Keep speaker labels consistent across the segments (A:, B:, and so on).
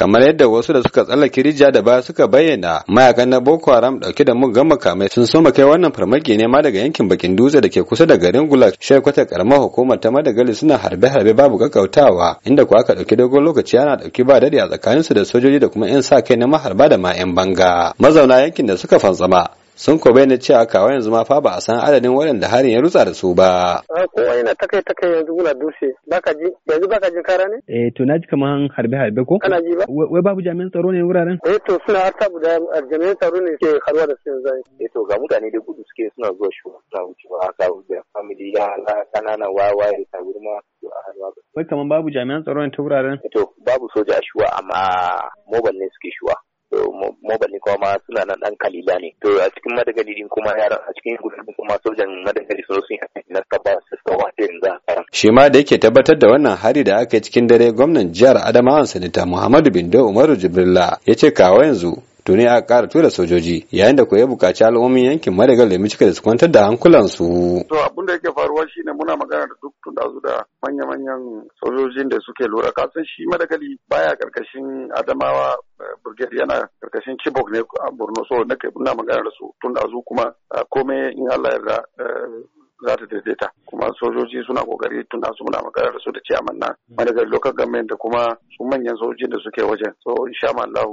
A: kamar yadda wasu da suka tsallake rijiya da baya suka bayyana mayakan na boko haram dauke da muggan makamai sun soma kai wannan farmaki ne ma daga yankin bakin dutse da ke kusa da garin gulag shekwata karamar hukumar ta madagali suna harbe harbe babu kakkautawa inda kuwa aka dauki dogon lokaci ana dauki ba dadi a tsakaninsu da sojoji da kuma yan sa kai na maharba da ma yan banga mazauna yankin da suka fantsama sun ko bayyana cewa kawai yanzu ma fa ba a san adadin waɗanda harin ya rutsa da su ba.
B: Kowa yana ta kai ta yanzu muna dushe baka ji yanzu baka ji kara ne?
A: Eh to na ji kaman harbe harbe ko? Kana ji ba? Wai babu jami'an tsaro ne wuraren?
B: Eh to suna tabu da jami'an tsaro ne ke harwa da su yanzu. Eh to ga mutane da gudu suke suna zuwa shi ta wuce ba haka da family yara kanana wawa da tagurma a harwa ba.
A: Wai kaman babu jami'an tsaro ne ta wuraren?
B: Eh, to babu soja a shuwa amma mobile ne suke shuwa. mobile kuma suna nan dan kalila ne to a cikin madagali din kuma yara a cikin gudu kuma sojan madagali sun sun na kaba su za yanzu
A: shi ma da yake tabbatar da wannan hari da aka yi cikin dare gwamnan jihar Adamawa sanita Muhammadu Bindo Umaru jibrila ya ce kawo yanzu tuni aka kara tura sojoji yayin da ya buƙaci al'ummin yankin madagal da cika da su kwantar da hankulansu. to
C: abin da yake faruwa shine muna magana da duk tun da da manya-manyan sojojin da suke lura kasan shi madagali baya karkashin adamawa eh, brigade yana karkashin chibok ne a borno so na magana da su tun da kuma eh, komai in allah yarda eh, za ta daidaita kuma sojoji suna kokari tun su muna magana da su da ciyaman nan manajar local government da kuma su manyan sojojin da suke wajen so insha Allah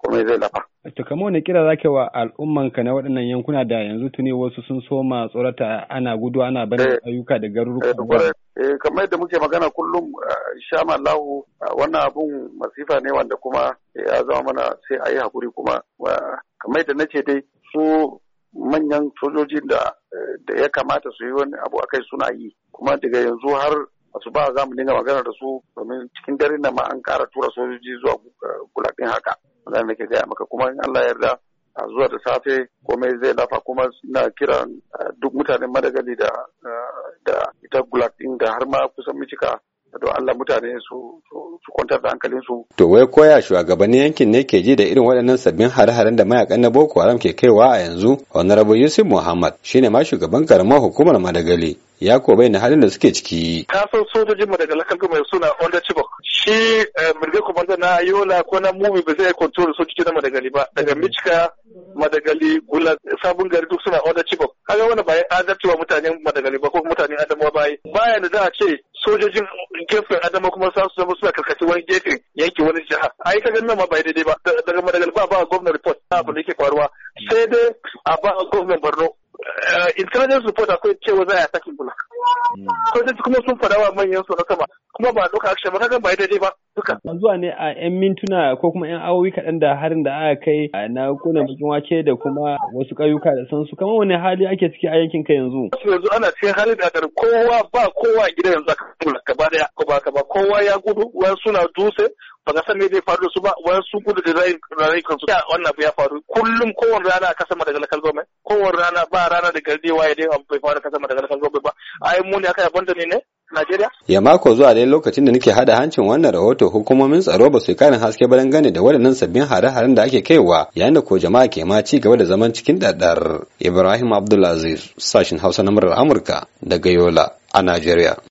C: komai zai lafa
A: to kamar wani kira zake wa al'umman ka na waɗannan yankuna da yanzu tuni wasu sun soma tsorata ana gudu ana barin eh. ayyuka da garuruka eh,
C: eh, kamar da muke magana kullum insha Allah wannan abun masifa ne wanda kuma ya zama mana sai ayi hakuri kuma kamar yadda nace dai su manyan sojoji da da ya kamata su yi wani abu akai suna yi kuma daga yanzu har asuba za mu dinga magana da su domin cikin dare na ma an kara tura sojoji zuwa eh, gulaɗin haka wanda nake gaya maka kuma in Allah yarda a zuwa da safe komai zai lafa kuma na kira eh, duk mutanen madagali da eh, da ita gulag din da har ma kusan micika don Allah mutane su su kwantar da hankalinsu.
A: To wai koya shugabannin yankin ne ke ji da irin waɗannan sabbin hare-haren da mayakan na Boko Haram ke kaiwa a yanzu? Honorable Yusuf Muhammad shine ma shugaban karamar hukumar Madagali. Ya ko na halin da suke ciki. Ka san
B: sojojin daga kan mai suna Onda Chibok. Shi eh, Mirge Kumanda na Yola ko na Mumi ba zai kontrol sojojin Madagali ba. Daga Michika, Madagali, Gula, Sabon Gari duk suna Onda Chibok. kaga wani bayan adalci wa mutanen madagali ba ko mutanen adamawa bayan baya da za a ce sojojin gefen adama kuma sa su zama suna karkashin wani gefen yanki wani jiha ai kaga nan ma bai daidai ba daga madagali ba ba gwamnati report na abin da yake faruwa sai dai a ba gwamnati borno eh, intelligence report akwai cewa za a sakin bula hmm. sojoji kuma sun faɗa wa manyan su na sama kuma ba a ɗauka action ba kaga bai daidai ba
A: duka. An zuwa ne a 'yan mintuna ko kuma 'yan awowi kaɗan da harin da aka kai na kuna bakin wake da kuma wasu ƙauyuka da sansu. Kamar wani hali ake ciki a yankin ka yanzu?
B: Yanzu ana cikin hali da kar kowa ba kowa gida yanzu aka kula gaba da ko ba ba kowa ya gudu wani suna dutse ba ka san me zai faru da su ba wani su gudu da rayukan su wannan abu ya faru kullum kowane rana a sama daga lakal zomai kowane rana ba rana da gardewa ya dai bai faru kasar sama daga lakal ba ai mu ne aka yabanta ne ne
A: Ya mako zuwa dai lokacin da nake hada hancin wannan rahoto hukumomin tsaro ba su yi karin haske ba dangane da waɗannan sabbin hare-haren da ake kaiwa yayin da ko jama'a ke ma ci gaba da zaman cikin ɗaɗar. Ibrahim Abdulaziz sashin Hausa na murar Amurka daga Yola a Najeriya.